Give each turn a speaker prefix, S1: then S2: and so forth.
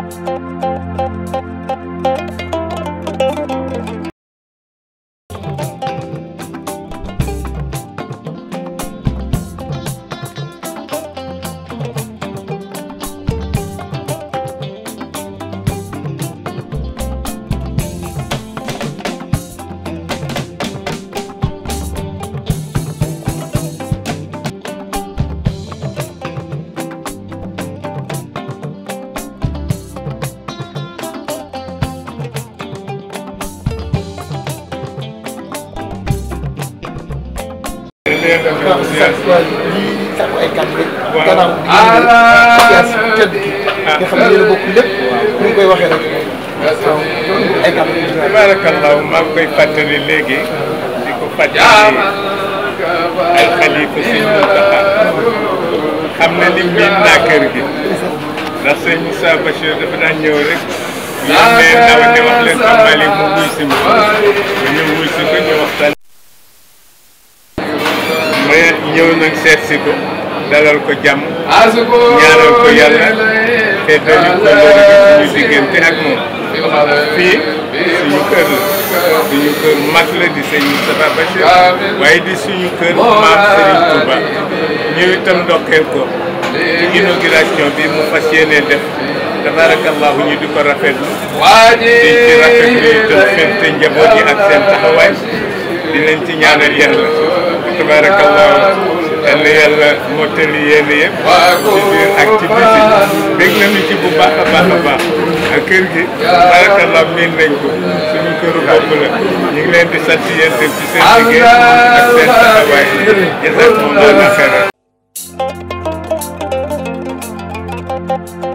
S1: Thank you. lii sax ay kàddu rek. waaw gannaaw nga xam ne yéen a bokk lépp ni ñu koy waxee rek. waaw
S2: ay kàddu yu ñu barakallah maa ngi koy fàttali léegi di ko fàttali ay xalifa sëñ Moustapha xam na ñëw nañ seet si ko dalal ko jàmm ñaanal ko yàlla te dañu ko loolu suñu diggante ak moom fii suñu kër la suñu kër mag la di sëñ Moustapha Bachir waaye di suñu kër maam Serigne Touba ñëw itam ndokkeel ko ci inauguration bi mu fas yéene def tabarakallahu ñu di ko rafetlu di ci rafetlu itam seen te njaboot yi ak seen yàlla mottali yéen yëpp ci ak ci biti dégg nañu ci bu baax a baax a baax ak kër gi barakallah miin nañ ko suñu këru bopp la ñu ngi leen di sant yéen tam ci seen liggéey ak seen
S3: taxawaay
S1: jazakumullahu xayran